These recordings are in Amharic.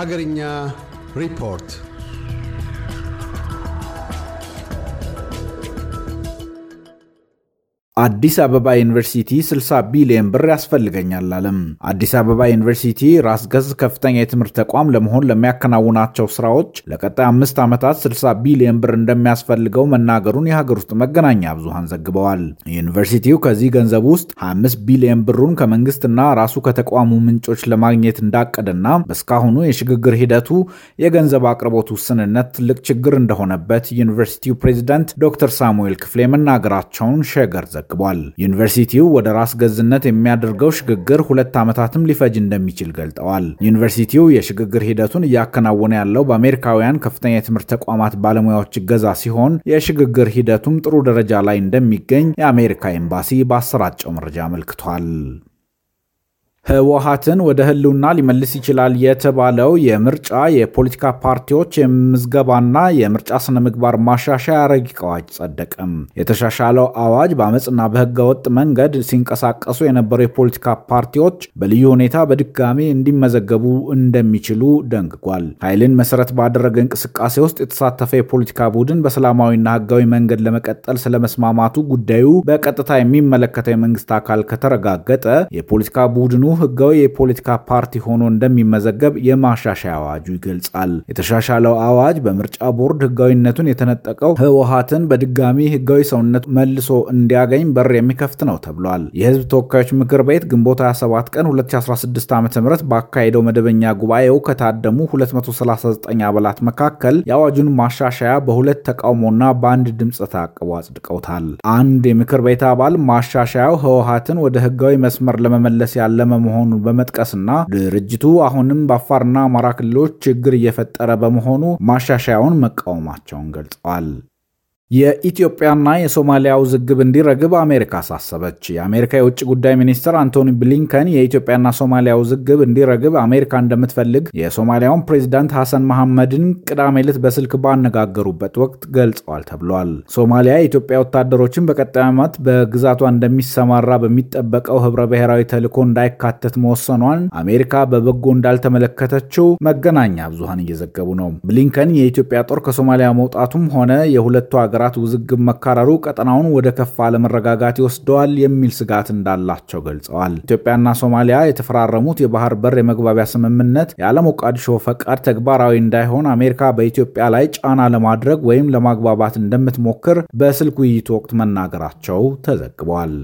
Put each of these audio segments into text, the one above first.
Hagerinya Report አዲስ አበባ ዩኒቨርሲቲ 60 ቢሊዮን ብር ያስፈልገኛል አለም። አዲስ አበባ ዩኒቨርሲቲ ራስ ገዝ ከፍተኛ የትምህርት ተቋም ለመሆን ለሚያከናውናቸው ስራዎች ለቀጣይ አምስት ዓመታት 60 ቢሊዮን ብር እንደሚያስፈልገው መናገሩን የሀገር ውስጥ መገናኛ ብዙሃን ዘግበዋል። ዩኒቨርሲቲው ከዚህ ገንዘብ ውስጥ 25 ቢሊዮን ብሩን ከመንግስትና ራሱ ከተቋሙ ምንጮች ለማግኘት እንዳቀደና እስካሁኑ የሽግግር ሂደቱ የገንዘብ አቅርቦት ውስንነት ትልቅ ችግር እንደሆነበት ዩኒቨርሲቲው ፕሬዚዳንት ዶክተር ሳሙኤል ክፍሌ መናገራቸውን ሸገር ዘግ ዘግቧል። ዩኒቨርሲቲው ወደ ራስ ገዝነት የሚያደርገው ሽግግር ሁለት ዓመታትም ሊፈጅ እንደሚችል ገልጠዋል። ዩኒቨርሲቲው የሽግግር ሂደቱን እያከናወነ ያለው በአሜሪካውያን ከፍተኛ የትምህርት ተቋማት ባለሙያዎች እገዛ ሲሆን የሽግግር ሂደቱም ጥሩ ደረጃ ላይ እንደሚገኝ የአሜሪካ ኤምባሲ በአሰራጨው መረጃ አመልክቷል። ህወሀትን ወደ ህልውና ሊመልስ ይችላል የተባለው የምርጫ የፖለቲካ ፓርቲዎች የምዝገባና የምርጫ ስነ ምግባር ማሻሻያ ረቂቅ አዋጅ ጸደቀም። የተሻሻለው አዋጅ በአመፅና በህገ ወጥ መንገድ ሲንቀሳቀሱ የነበሩ የፖለቲካ ፓርቲዎች በልዩ ሁኔታ በድጋሚ እንዲመዘገቡ እንደሚችሉ ደንግጓል። ኃይልን መሰረት ባደረገ እንቅስቃሴ ውስጥ የተሳተፈ የፖለቲካ ቡድን በሰላማዊና ህጋዊ መንገድ ለመቀጠል ስለመስማማቱ ጉዳዩ በቀጥታ የሚመለከተው የመንግስት አካል ከተረጋገጠ የፖለቲካ ቡድኑ ህጋዊ የፖለቲካ ፓርቲ ሆኖ እንደሚመዘገብ የማሻሻያ አዋጁ ይገልጻል። የተሻሻለው አዋጅ በምርጫ ቦርድ ህጋዊነቱን የተነጠቀው ህወሀትን በድጋሚ ህጋዊ ሰውነት መልሶ እንዲያገኝ በር የሚከፍት ነው ተብሏል። የህዝብ ተወካዮች ምክር ቤት ግንቦት 27 ቀን 2016 ዓ ም ባካሄደው መደበኛ ጉባኤው ከታደሙ 239 አባላት መካከል የአዋጁን ማሻሻያ በሁለት ተቃውሞና በአንድ ድምፅ ተአቅቦ አጽድቀውታል። አንድ የምክር ቤት አባል ማሻሻያው ህወሀትን ወደ ህጋዊ መስመር ለመመለስ ያለመ መሆኑን በመጥቀስና ድርጅቱ አሁንም በአፋርና አማራ ክልሎች ችግር እየፈጠረ በመሆኑ ማሻሻያውን መቃወማቸውን ገልጸዋል። የኢትዮጵያና የሶማሊያ ውዝግብ እንዲረግብ አሜሪካ አሳሰበች። የአሜሪካ የውጭ ጉዳይ ሚኒስትር አንቶኒ ብሊንከን የኢትዮጵያና ሶማሊያ ውዝግብ እንዲረግብ አሜሪካ እንደምትፈልግ የሶማሊያውን ፕሬዚዳንት ሐሰን መሐመድን ቅዳሜ ዕለት በስልክ ባነጋገሩበት ወቅት ገልጸዋል ተብሏል። ሶማሊያ የኢትዮጵያ ወታደሮችን በቀጣይ ዓመት በግዛቷ እንደሚሰማራ በሚጠበቀው ህብረ ብሔራዊ ተልዕኮ እንዳይካተት መወሰኗን አሜሪካ በበጎ እንዳልተመለከተችው መገናኛ ብዙሃን እየዘገቡ ነው። ብሊንከን የኢትዮጵያ ጦር ከሶማሊያ መውጣቱም ሆነ የሁለቱ ሀገር ሀገራት ውዝግብ መካረሩ ቀጠናውን ወደ ከፋ አለመረጋጋት ይወስደዋል የሚል ስጋት እንዳላቸው ገልጸዋል። ኢትዮጵያና ሶማሊያ የተፈራረሙት የባህር በር የመግባቢያ ስምምነት የዓለም ሞቃዲሾ ፈቃድ ተግባራዊ እንዳይሆን አሜሪካ በኢትዮጵያ ላይ ጫና ለማድረግ ወይም ለማግባባት እንደምትሞክር በስልክ ውይይቱ ወቅት መናገራቸው ተዘግቧል።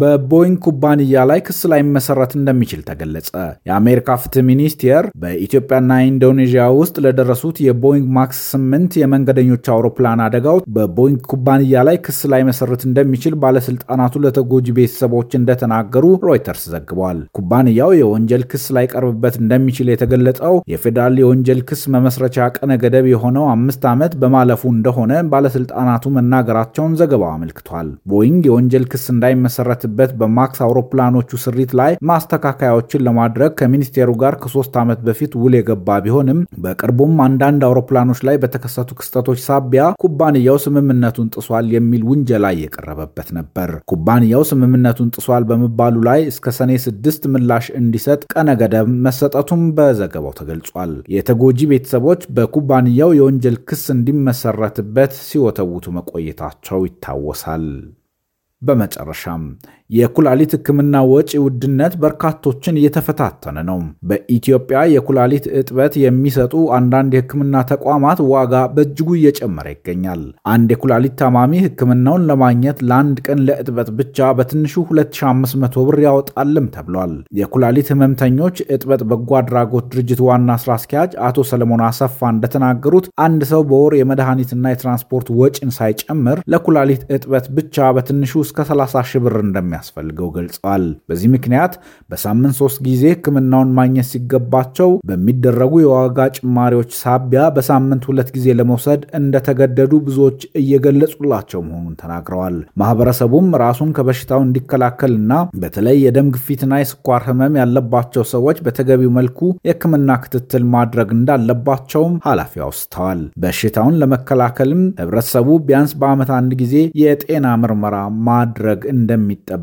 በቦይንግ ኩባንያ ላይ ክስ ላይ መሰረት እንደሚችል ተገለጸ። የአሜሪካ ፍትህ ሚኒስቴር በኢትዮጵያና ኢንዶኔዥያ ውስጥ ለደረሱት የቦይንግ ማክስ 8 የመንገደኞች አውሮፕላን አደጋው በቦይንግ ኩባንያ ላይ ክስ ላይ መሰረት እንደሚችል ባለስልጣናቱ ለተጎጂ ቤተሰቦች እንደተናገሩ ሮይተርስ ዘግቧል። ኩባንያው የወንጀል ክስ ላይ ቀርብበት እንደሚችል የተገለጸው የፌዴራል የወንጀል ክስ መመስረቻ ቀነ ገደብ የሆነው አምስት ዓመት በማለፉ እንደሆነ ባለስልጣናቱ መናገራቸውን ዘገባው አመልክቷል። ቦይንግ የወንጀል ክስ እንዳይመሰረት በሚካትበት በማክስ አውሮፕላኖቹ ስሪት ላይ ማስተካከያዎችን ለማድረግ ከሚኒስቴሩ ጋር ከሶስት ዓመት በፊት ውል የገባ ቢሆንም በቅርቡም አንዳንድ አውሮፕላኖች ላይ በተከሰቱ ክስተቶች ሳቢያ ኩባንያው ስምምነቱን ጥሷል የሚል ውንጀላ እየቀረበበት ነበር። ኩባንያው ስምምነቱን ጥሷል በመባሉ ላይ እስከ ሰኔ ስድስት ምላሽ እንዲሰጥ ቀነ ገደብ መሰጠቱም በዘገባው ተገልጿል። የተጎጂ ቤተሰቦች በኩባንያው የወንጀል ክስ እንዲመሰረትበት ሲወተውቱ መቆየታቸው ይታወሳል። በመጨረሻም የኩላሊት ሕክምና ወጪ ውድነት በርካቶችን እየተፈታተነ ነው። በኢትዮጵያ የኩላሊት እጥበት የሚሰጡ አንዳንድ የሕክምና ተቋማት ዋጋ በእጅጉ እየጨመረ ይገኛል። አንድ የኩላሊት ታማሚ ሕክምናውን ለማግኘት ለአንድ ቀን ለእጥበት ብቻ በትንሹ 2500 ብር ያወጣልም ተብሏል። የኩላሊት ህመምተኞች እጥበት በጎ አድራጎት ድርጅት ዋና ስራ አስኪያጅ አቶ ሰለሞን አሰፋ እንደተናገሩት አንድ ሰው በወር የመድኃኒትና የትራንስፖርት ወጪን ሳይጨምር ለኩላሊት እጥበት ብቻ በትንሹ እስከ 30 ሺህ ብር እንደሚያ እንደሚያስፈልገው ገልጸዋል። በዚህ ምክንያት በሳምንት ሶስት ጊዜ ሕክምናውን ማግኘት ሲገባቸው በሚደረጉ የዋጋ ጭማሪዎች ሳቢያ በሳምንት ሁለት ጊዜ ለመውሰድ እንደተገደዱ ብዙዎች እየገለጹላቸው መሆኑን ተናግረዋል። ማህበረሰቡም ራሱን ከበሽታው እንዲከላከልና በተለይ የደም ግፊትና የስኳር ህመም ያለባቸው ሰዎች በተገቢው መልኩ የሕክምና ክትትል ማድረግ እንዳለባቸውም ኃላፊ አውስተዋል። በሽታውን ለመከላከልም ህብረተሰቡ ቢያንስ በዓመት አንድ ጊዜ የጤና ምርመራ ማድረግ እንደሚጠበቅ